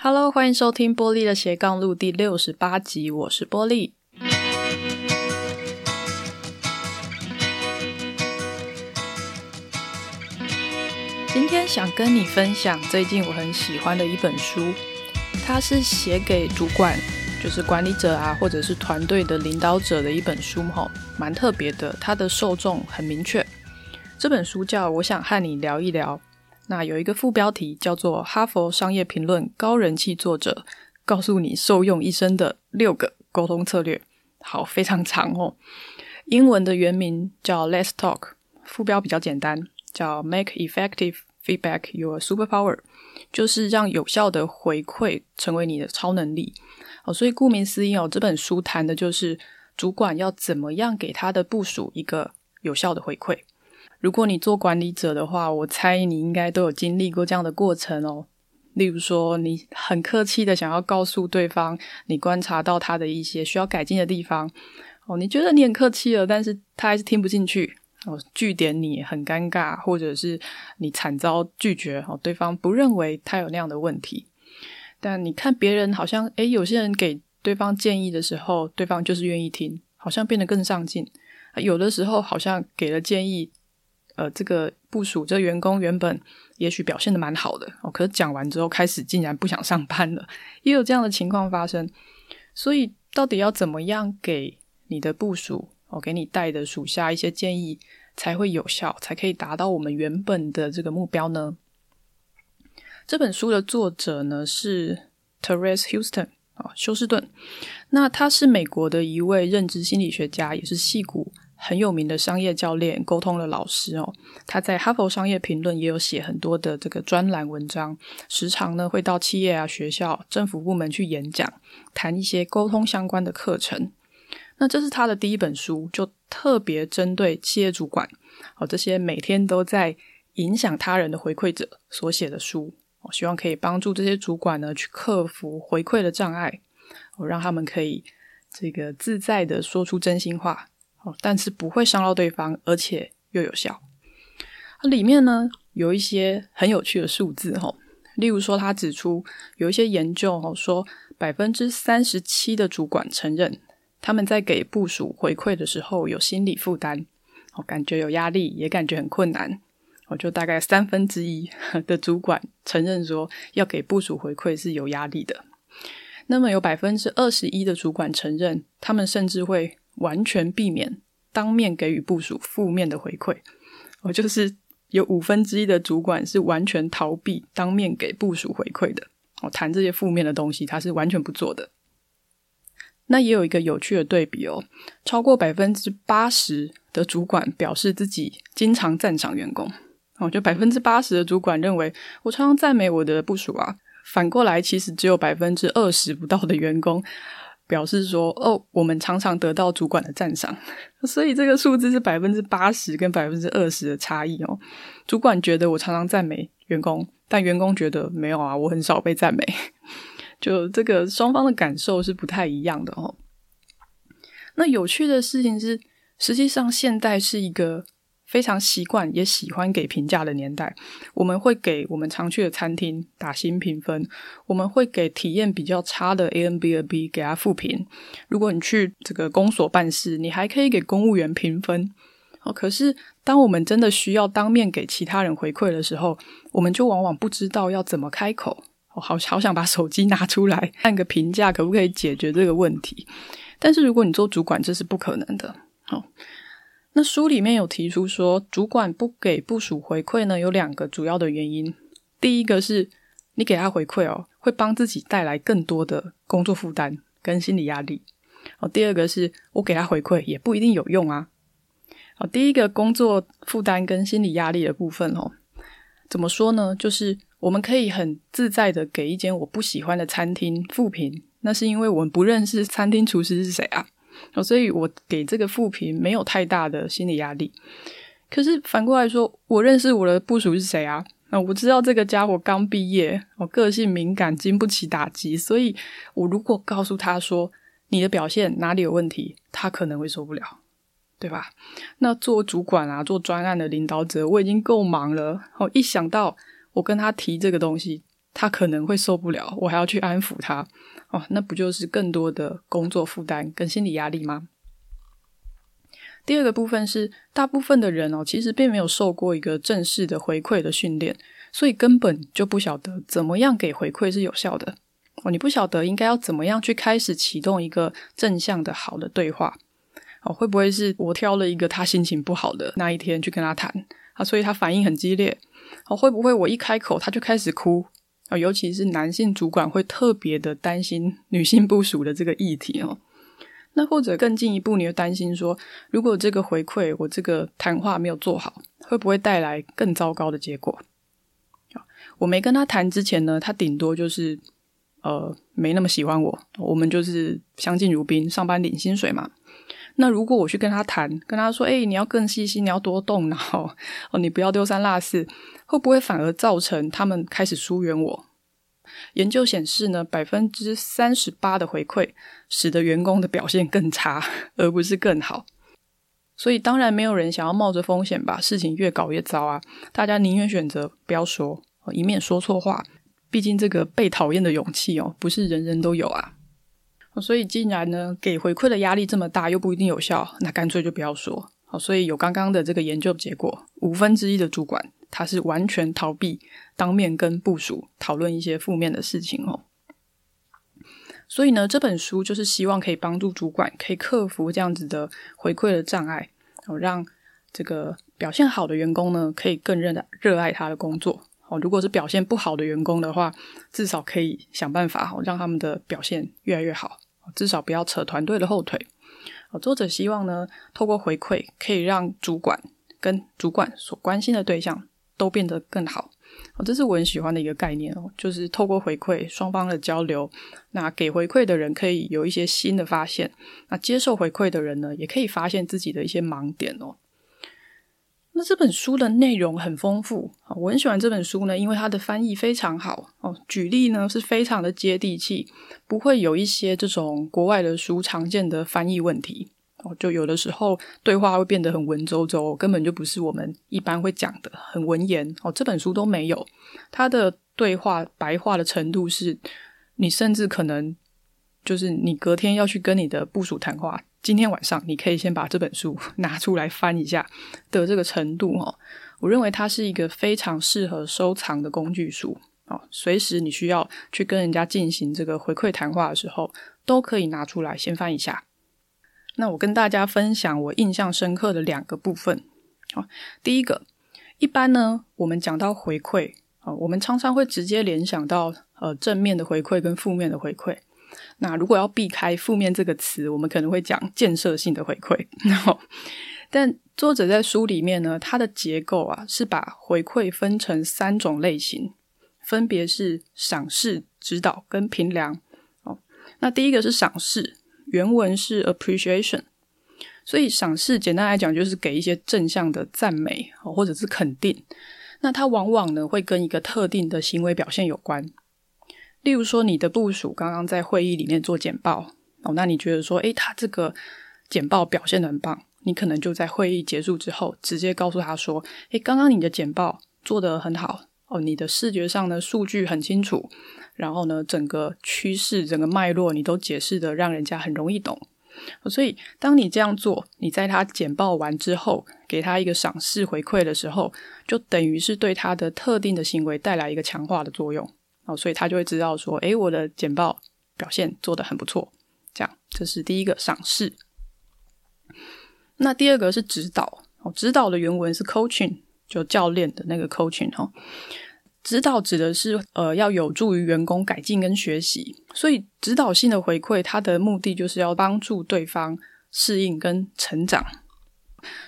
Hello，歡迎收聽《波莉的斜槓路》第六十八集，我是波莉。今天想跟你分享最近我很喜歡的一本書，它是寫給主管，就是管理者啊，或者是團隊的領導者的一本書，吼，蠻特別的。它的受眾很明確，這本書叫《我想和你聊一聊》。那有一個副標題叫做《哈佛商業評論》高人氣作者告訴你受用一生的六個溝通策略。好，非常長哦。英文的原名叫《Let's Talk》，副標比較簡單，叫《Make Effective Feedback Your Superpower》，就是讓有效的回饋成為你的超能力。哦，所以顧名思義哦，這本書談的就是主管要怎麼樣給他的部屬一個有效的回饋。如果你做管理者的話，我猜你應該都有經歷過這樣的過程哦。例如說，你很客氣的想要告訴對方，你觀察到他的一些需要改進的地方哦。你覺得你很客氣了，但是他還是聽不進去哦，據點你很尷尬，或者是你慘遭拒絕哦，對方不認為他有那樣的問題。但你看別人好像，誒，有些人給對方建議的時候，對方就是願意聽，好像變得更上進。有的時候好像給了建議。呃，這個部屬，這個、員工原本也許表現的蠻好的哦，可是講完之後開始竟然不想上班了，也有這樣的情況發生。所以，到底要怎麼樣給你的部屬，我、哦、給你帶的屬下一些建議，才會有效，才可以達到我們原本的這個目標呢？這本書的作者呢是 Therese Houston 啊、哦，休斯頓。那他是美國的一位認知心理學家，也是戲骨。很有名的商業教練、溝通的老師哦，他在《哈佛商業評論》也有寫很多的這個專欄文章，時常呢會到企業啊、學校、政府部門去演講，談一些溝通相關的課程。那這是他的第一本書，就特別針對企業主管哦，這些每天都在影響他人的回饋者所寫的書。我、哦、希望可以幫助這些主管呢，去克服回饋的障礙，我、哦、讓他們可以這個自在的說出真心話。但是不會傷到對方，而且又有效。裡面呢，有一些很有趣的數字哈，例如說，他指出有一些研究哦，說百分之三十七的主管承認他們在給部屬回饋的時候有心理負擔，哦，感覺有壓力，也感覺很困難。我就大概三分之一的主管承認說，要給部屬回饋是有壓力的。那麼有百分之二十一的主管承認，他們甚至會。完全避免當面給予部屬負面的回饋，我就是有五分之一的主管是完全逃避當面給部屬回饋的。我談這些負面的東西，他是完全不做的。那也有一個有趣的對比哦，超過百分之八十的主管表示自己經常讚賞員工。哦，就百分之八十的主管認為我常常讚美我的部屬啊。反過來，其實只有百分之二十不到的員工。表示說哦，我們常常得到主管的讚賞，所以這個數字是百分之八十跟百分之二十的差異哦。主管覺得我常常讚美員工，但員工覺得沒有啊，我很少被讚美。就這個雙方的感受是不太一樣的哦。那有趣的事情是，實際上現代是一個。非常習慣也喜歡給評價的年代，我們會給我們常去的餐廳打星評分，我們會給體驗比較差的 Airbnb 給他負評。如果你去這個公所辦事，你還可以給公務員評分。哦，可是當我們真的需要當面給其他人回饋的時候，我們就往往不知道要怎麼開口。我、哦、好好想把手機拿出來看個評價，可不可以解決這個問題？但是如果你做主管，這是不可能的。哦那書裡面有提出說，主管不給部屬回饋呢，有兩個主要的原因。第一個是，你給他回饋哦，會幫自己帶來更多的工作負擔跟心理壓力。哦，第二個是我給他回饋也不一定有用啊。好，第一個工作負擔跟心理壓力的部分哦，怎麼說呢？就是我們可以很自在的給一間我不喜歡的餐廳負評，那是因為我們不認識餐廳廚師是誰啊。哦，所以我給這個負評沒有太大的心理壓力。可是反過來說，我認識我的部屬是誰啊？那、哦、我知道這個家伙剛畢業，我個性敏感，經不起打擊。所以我如果告訴他說，你的表現哪裡有問題，他可能會受不了，對吧？那做主管啊，做專案的領導者，我已經夠忙了。哦，一想到我跟他提這個東西。他可能會受不了，我還要去安撫他哦，那不就是更多的工作負擔跟心理壓力嗎？第二個部分是，大部分的人哦，其實並沒有受過一個正式的回饋的訓練，所以根本就不曉得怎麼樣給回饋是有效的哦。你不曉得應該要怎麼樣去開始啟動一個正向的好的對話哦。會不會是我挑了一個他心情不好的那一天去跟他談啊？所以他反應很激烈哦。會不會我一開口他就開始哭？尤其是男性主管會特別的擔心女性部屬的這個議題哦。那或者更進一步，你又擔心說，如果這個回饋我這個談話沒有做好，會不會帶來更糟糕的結果？我沒跟他談之前呢，他頂多就是呃沒那麼喜歡我，我們就是相敬如賓，上班領薪水嘛。那如果我去跟他談，跟他說，誒、欸、你要更細心，你要多動腦，哦，你不要丟三落四。會不會反而造成他們開始疏遠我？研究顯示呢，百分之三十八的回饋使得員工的表現更差，而不是更好。所以當然沒有人想要冒着風險把事情越搞越糟啊，大家寧願選擇不要說，以免說錯話。畢竟這個被討厭的勇氣哦，不是人人都有啊。所以既然呢，給回饋的壓力這麼大，又不一定有效，那乾脆就不要說。好，所以有剛剛的這個研究結果，五分之一的主管他是完全逃避當面跟部屬討論一些負面的事情哦。所以呢，這本書就是希望可以幫助主管可以克服這樣子的回饋的障礙，哦，讓這個表現好的員工呢可以更熱的熱愛他的工作。哦，如果是表現不好的員工的話，至少可以想辦法好，哦，讓他們的表現越來越好，至少不要扯團隊的後腿。作者希望呢，透過回饋可以讓主管跟主管所關心的對象都變得更好。這是我很喜歡的一個概念哦，就是透過回饋雙方的交流，那給回饋的人可以有一些新的發現，那接受回饋的人呢，也可以發現自己的一些盲點哦。那這本書的內容很豐富，我很喜歡這本書呢，因為它的翻譯非常好哦。舉例呢是非常的接地氣，不會有一些這種國外的書常見的翻譯問題哦。就有的時候對話會變得很文縐縐，根本就不是我們一般會講的很文言哦。這本書都沒有，它的對話白話的程度是，你甚至可能就是你隔天要去跟你的部屬談話。今天晚上，你可以先把這本書拿出來翻一下的這個程度哦，我認為它是一個非常適合收藏的工具書啊。隨時你需要去跟人家進行這個回饋談話的時候，都可以拿出來先翻一下。那我跟大家分享我印象深刻的兩個部分。好，第一個，一般呢，我們講到回饋啊，我們常常會直接聯想到呃正面的回饋跟負面的回饋。那如果要避開負面這個詞，我們可能會講建設性的回饋。 但作者在書裡面呢，它的結構啊是把回饋分成三種類型，分別是賞識、指導跟評量。哦，那第一個是賞識，原文是 appreciation，所以賞識簡單來講就是給一些正向的讚美或者是肯定。那它往往呢會跟一個特定的行為表現有關。例如說，你的部屬剛剛在會議裡面做簡報哦，那你覺得說，誒，他這個簡報表現得很棒，你可能就在會議結束之後直接告訴他說，誒，剛剛你的簡報做得很好哦，你的視覺上的數據很清楚，然後呢，整個趨勢、整個脈絡你都解釋得讓人家很容易懂。所以，當你這樣做，你在他簡報完之後給他一個賞識回饋的時候，就等於是對他的特定的行為帶來一個強化的作用。哦，所以他就會知道說，誒，我的簡報表現做得很不錯，這樣，這是第一個賞識。那第二個是指導，哦，指導的原文是 coaching，就教練的那個 coaching 哦。指導指的是呃，要有助於員工改進跟學習，所以指導性的回饋，它的目的就是要幫助對方適應跟成長。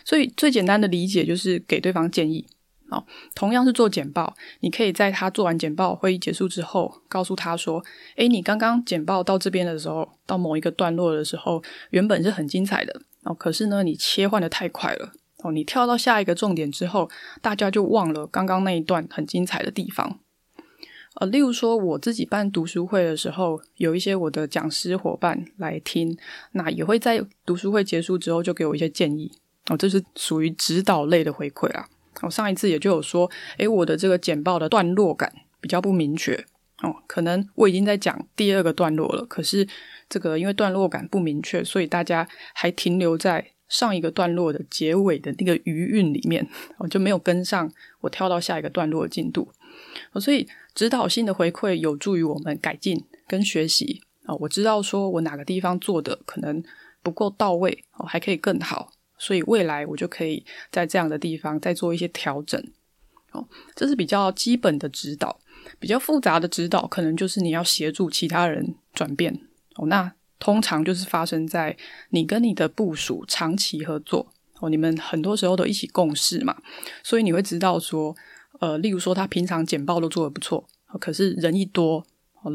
所以最簡單的理解就是給對方建議。好，同樣是做簡報，你可以在他做完簡報、會議結束之後，告訴他說：“哎，你剛剛簡報到這邊的時候，到某一個段落的時候，原本是很精彩的，哦，可是呢，你切換得太快了，哦，你跳到下一個重點之後，大家就忘了剛剛那一段很精彩的地方。”呃，例如說我自己辦讀書會的時候，有一些我的講師夥伴來聽，那也會在讀書會結束之後就給我一些建議，哦，這是屬於指導類的回饋啊。我、哦、上一次也就有說，誒，我的這個簡報的段落感比較不明確哦，可能我已經在講第二個段落了，可是這個因為段落感不明確，所以大家還停留在上一個段落的結尾的那個餘韻裡面，我、哦、就沒有跟上我跳到下一個段落的進度、哦。所以指導性的回饋有助於我們改進跟學習啊、哦，我知道說我哪個地方做的可能不夠到位，哦，還可以更好。所以未來我就可以在這樣的地方再做一些調整，哦，這是比較基本的指導。比較複雜的指導，可能就是你要協助其他人轉變。哦，那通常就是發生在你跟你的部屬長期合作，你們很多時候都一起共事嘛，所以你會知道說，呃，例如說他平常簡報都做得不錯，可是人一多，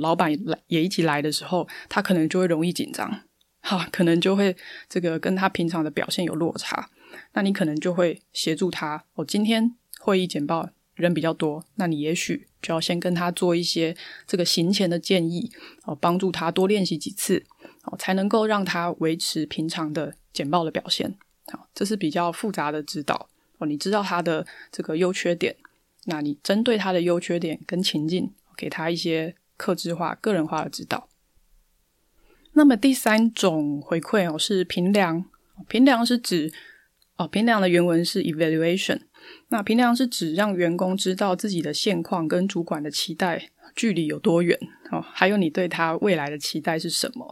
老闆也來也一起來的時候，他可能就會容易緊張。好，可能就會這個跟他平常的表現有落差，那你可能就會協助他。哦，今天會議簡報人比較多，那你也許就要先跟他做一些這個行前的建議，哦，幫助他多練習幾次，哦，才能夠讓他維持平常的簡報的表現。好、哦，這是比較複雜的指導。哦，你知道他的這個優缺點，那你針對他的優缺點跟情境，給他一些客製化、個人化的指導。那麼第三種回饋哦，是評量。評量是指哦，評量的原文是 evaluation。那評量是指讓員工知道自己的現況跟主管的期待距離有多遠哦，還有你對他未來的期待是什麼。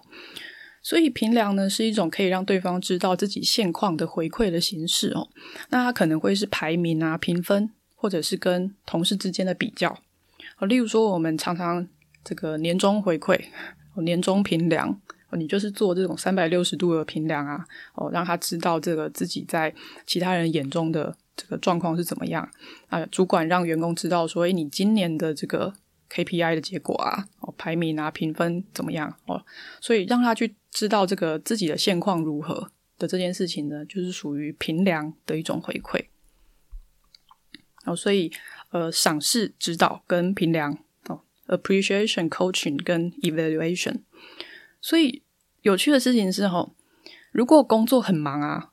所以評量呢，是一種可以讓對方知道自己現況的回饋的形式哦。那它可能會是排名啊、評分，或者是跟同事之間的比較。哦，例如說，我們常常這個年終回饋哦，年終評量。你就是做這種三百六十度的評量啊，哦，讓他知道這個自己在其他人眼中的這個狀況是怎麼樣啊。主管讓員工知道說，欸，你今年的這個 KPI 的結果啊，哦，排名啊，評分怎麼樣？哦，所以讓他去知道這個自己的現況如何的這件事情呢，就是屬於評量的一種回饋。哦，所以呃，賞識指導跟評量哦，appreciation coaching 跟 evaluation。所以有趣的事情是，哦，哈，如果工作很忙啊，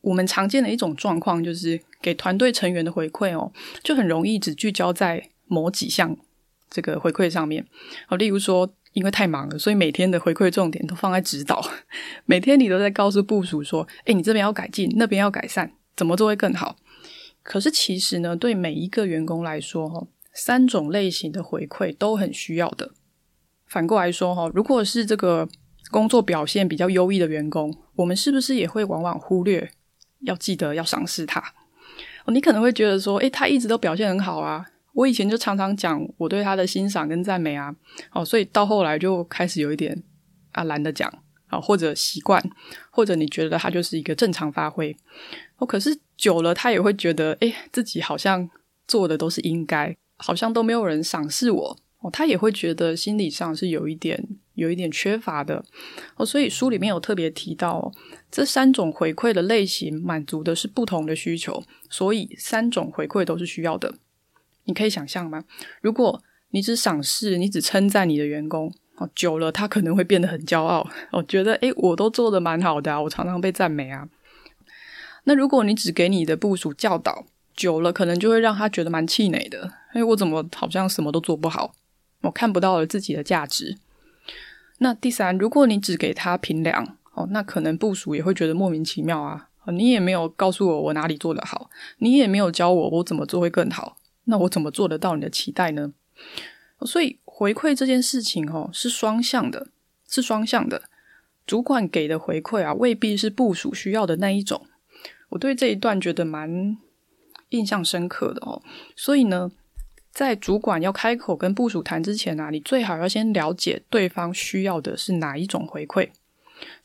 我們常見的一種狀況就是給團隊成員的回饋哦，就很容易只聚焦在某幾項這個回饋上面。好，哦，例如說，因為太忙了，所以每天的回饋重點都放在指導，每天你都在告訴部屬說，哎，你這邊要改進，那邊要改善，怎麼做會更好？可是其實呢，對每一個員工來說，哦，哈，三種類型的回饋都很需要的。反過來說，哈，如果是這個工作表現比較優異的員工，我們是不是也會往往忽略？要記得要賞識他。哦，你可能會覺得說，誒、欸，他一直都表現很好啊。我以前就常常講我對他的欣賞跟讚美啊。哦，所以到後來就開始有一點啊懶得講啊，或者習慣，或者你覺得他就是一個正常發揮。哦，可是久了他也會覺得，誒、欸，自己好像做的都是應該，好像都沒有人賞識我。哦，他也會覺得心理上是有一點，有一點缺乏的。哦，所以書裡面有特別提到、哦，這三種回饋的類型滿足的是不同的需求，所以三種回饋都是需要的。你可以想象嗎？如果你只賞識，你只稱讚你的員工，哦，久了他可能會變得很驕傲。我、哦、覺得，誒我都做的蠻好的、啊，我常常被讚美啊。那如果你只給你的部屬教導，久了可能就會讓他覺得蠻氣餒的。誒，我怎麼好像什麼都做不好？我看不到了自己的價值。那第三，如果你只給他評量哦，那可能部署也會覺得莫名其妙啊。你也沒有告訴我我哪裡做得好，你也沒有教我我怎麼做會更好，那我怎麼做得到你的期待呢？所以回饋這件事情哦，是雙向的，是雙向的。主管給的回饋啊，未必是部署需要的那一種。我對這一段覺得蠻印象深刻的哦。所以呢。在主管要開口跟部屬談之前啊，你最好要先了解對方需要的是哪一種回饋。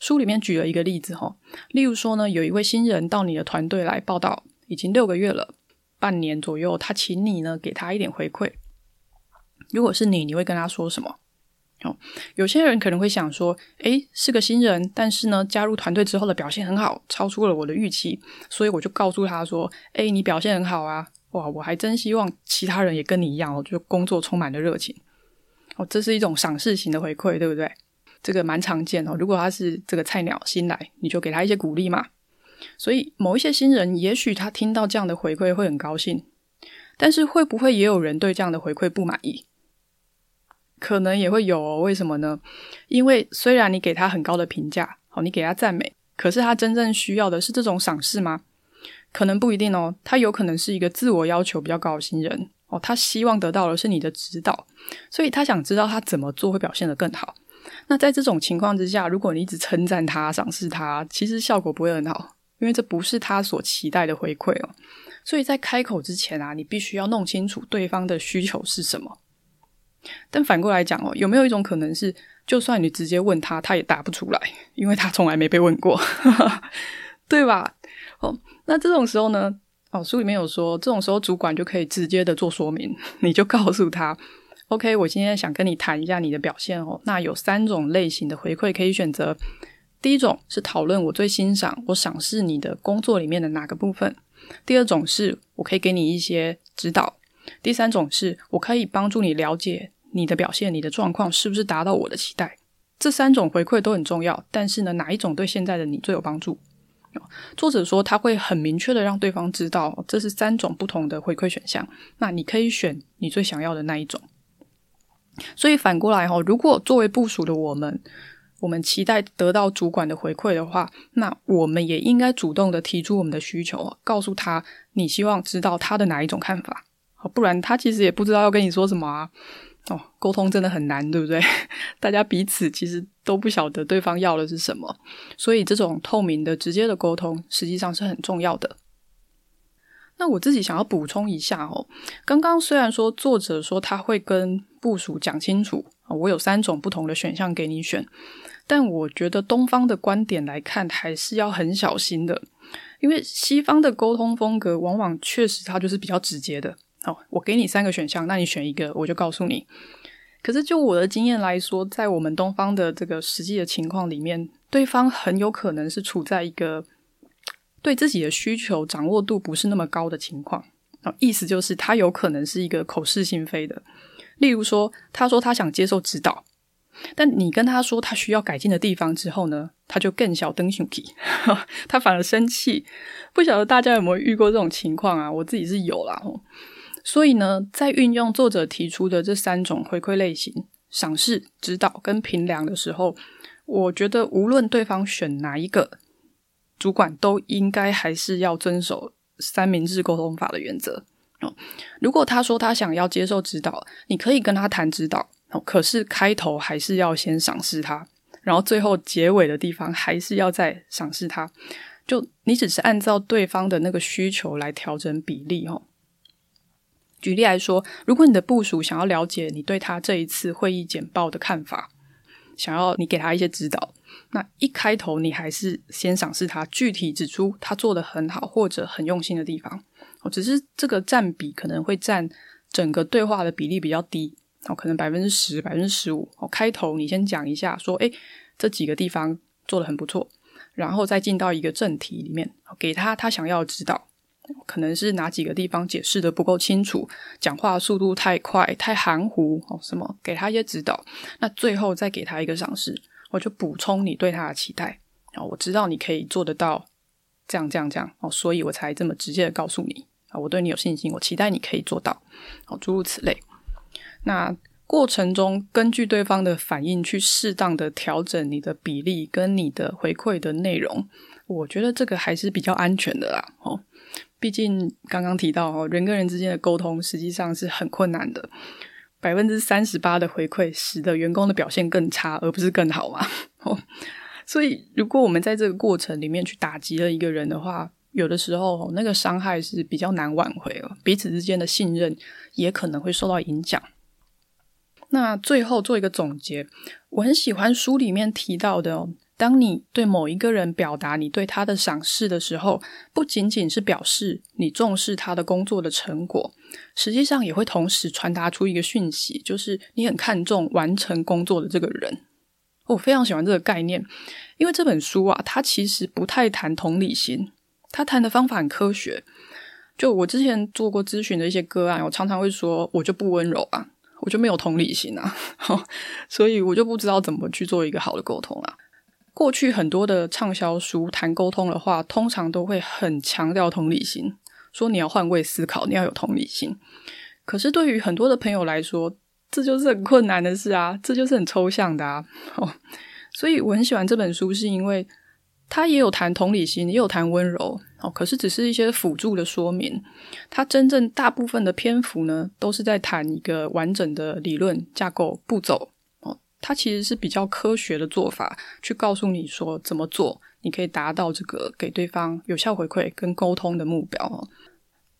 書裡面舉了一個例子哈，例如說呢，有一位新人到你的團隊來報到，已經六個月了，半年左右，他請你呢給他一點回饋。如果是你，你會跟他說什麼？哦，有些人可能會想說，誒、欸，是個新人，但是呢，加入團隊之後的表現很好，超出了我的預期，所以我就告訴他說，誒、欸，你表現很好啊。哇，我還真希望其他人也跟你一樣哦，就工作充滿了熱情。哦，這是一種賞識型的回饋，對不對？這個蠻常見哦。如果他是這個菜鳥新來，你就給他一些鼓勵嘛。所以，某一些新人，也許他聽到這樣的回饋會很高興。但是，會不會也有人對這樣的回饋不滿意？可能也會有哦。為什麼呢？因為雖然你給他很高的評價，好，你給他讚美，可是他真正需要的是這種賞識嗎？可能不一定哦，他有可能是一個自我要求比較高的新人哦，他希望得到的是你的指導，所以他想知道他怎麼做會表現得更好。那在這種情況之下，如果你一直稱讚他、賞識他，其實效果不會很好，因為這不是他所期待的回饋哦。所以在開口之前啊，你必須要弄清楚對方的需求是什麼。但反過來講哦，有沒有一種可能是，就算你直接問他，他也答不出來，因為他從來沒被問過， 對吧？哦。那這種時候呢，哦，書裡面有說，這種時候主管就可以直接的做說明，你就告訴他：“OK，我今天想跟你談一下你的表現哦。”那有三種類型的回饋可以選擇：第一種是討論我最欣賞、我賞識你的工作裡面的哪個部分；第二種是我可以給你一些指導；第三種是我可以幫助你了解你的表現、你的狀況是不是達到我的期待。這三種回饋都很重要，但是呢，哪一種對現在的你最有幫助？作者說他會很明確的讓對方知道，這是三種不同的回饋選項，那你可以選你最想要的那一種。所以反過來，如果作為部屬的我們，我們期待得到主管的回饋的話，那我們也應該主動的提出我們的需求，告訴他你希望知道他的哪一種看法，不然他其實也不知道要跟你說什麼啊。哦，溝通真的很難，對不對？大家彼此其實都不曉得對方要的是什麼，所以這種透明的、直接的溝通實際上是很重要的。那我自己想要補充一下哦，剛剛雖然說作者說他會跟部屬講清楚，我有三種不同的選項給你選，但我覺得東方的觀點來看，還是要很小心的，因為西方的溝通風格往往確實它就是比較直接的。好，我給你三個選項，那你選一個，我就告訴你。可是，就我的經驗來說，在我們東方的這個實際的情況裡面，對方很有可能是處在一個對自己的需求掌握度不是那麼高的情況。意思就是他有可能是一個口是心非的。例如說，他說他想接受指導，但你跟他說他需要改進的地方之後呢，他就見笑轉生氣，他反而生氣。不曉得大家有沒有遇過這種情況啊？我自己是有啦。所以呢，在運用作者提出的這三種回饋類型——賞識、指導跟評量的時候，我覺得無論對方選哪一個，主管都應該還是要遵守三明治溝通法的原則。哦，如果他說他想要接受指導，你可以跟他談指導，哦，可是開頭還是要先賞識他，然後最後結尾的地方還是要再賞識他。就你只是按照對方的那個需求來調整比例，哦。舉例來說，如果你的部屬想要了解你對他這一次會議簡報的看法，想要你給他一些指導，那一開頭你還是先賞識他，具體指出他做得很好或者很用心的地方。只是這個占比可能會占整個對話的比例比較低，哦，可能百分之十、百分之十五。哦，開頭你先講一下說，哎，這幾個地方做得很不錯，然後再進到一個正題裡面，給他他想要的指導。可能是哪幾個地方解釋得不夠清楚，講話速度太快，太含糊哦，什麼？給他一些指導，那最後再給他一個賞識，我就補充你對他的期待啊，我知道你可以做得到，這樣這樣這樣哦，所以我才這麼直接地告訴你啊，我對你有信心，我期待你可以做到，哦，諸如此類，那。過程中，根據對方的反應去適當的調整你的比例跟你的回饋的內容，我覺得這個還是比較安全的啦。哦，畢竟剛剛提到哦，人跟人之間的溝通實際上是很困難的。百分之三十八的回饋使得員工的表現更差，而不是更好嘛。哦，所以如果我們在這個過程裡面去打擊了一個人的話，有的時候哦，那個傷害是比較難挽回了，彼此之間的信任也可能會受到影響。那最後做一個總結，我很喜歡書裡面提到的哦，當你對某一個人表達你對他的賞識的時候，不僅僅是表示你重視他的工作的成果，實際上也會同時傳達出一個訊息，就是你很看重完成工作的這個人。我非常喜歡這個概念，因為這本書啊，它其實不太談同理心，它談的方法很科學。就我之前做過諮詢的一些個案啊，我常常會說，我就不溫柔啊。我就沒有同理心啊，吼，所以，我就不知道怎麼去做一個好的溝通啊。過去很多的暢銷書談溝通的話，通常都會很強調同理心，說你要換位思考，你要有同理心。可是，對於很多的朋友來說，這就是很困難的事啊，這就是很抽象的啊。吼，所以，我很喜歡這本書，是因為。他也有談同理心，也有談溫柔，哦，可是只是一些輔助的說明。他真正大部分的篇幅呢，都是在談一個完整的理論架構步驟。哦，他其實是比較科學的做法，去告訴你說怎麼做，你可以達到這個給對方有效回饋跟溝通的目標哦。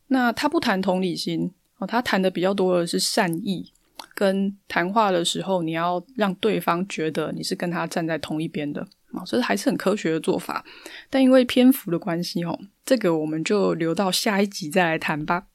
那他不談同理心，哦，他談的比較多的是善意，跟談話的時候，你要讓對方覺得你是跟他站在同一邊的。所以還是很科學的做法，但因為篇幅的關係哦，這個我們就留到下一集再來談吧。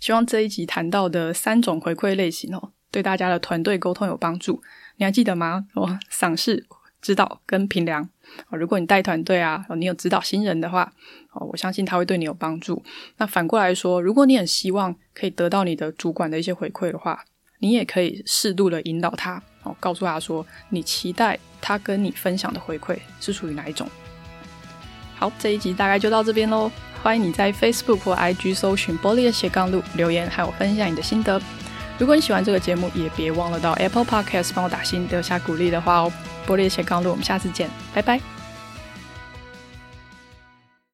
希望這一集談到的三種回饋類型哦，對大家的團隊溝通有幫助。你還記得嗎？哦，賞識、指導跟評量。如果你帶團隊啊，你有指導新人的話哦，我相信他會對你有幫助。那反過來說，如果你很希望可以得到你的主管的一些回饋的話，你也可以適度的引導他。我告訴他說，你期待他跟你分享的回饋是屬於哪一種？好，這一集大概就到這邊嘍。歡迎你在 Facebook 或 IG 搜尋波莉的斜槓路留言，和我分享你的心得。如果你喜歡這個節目，也別忘了到 Apple Podcast 幫我打星，留下鼓勵的話哦。波莉的斜槓路，我們下次見，拜拜。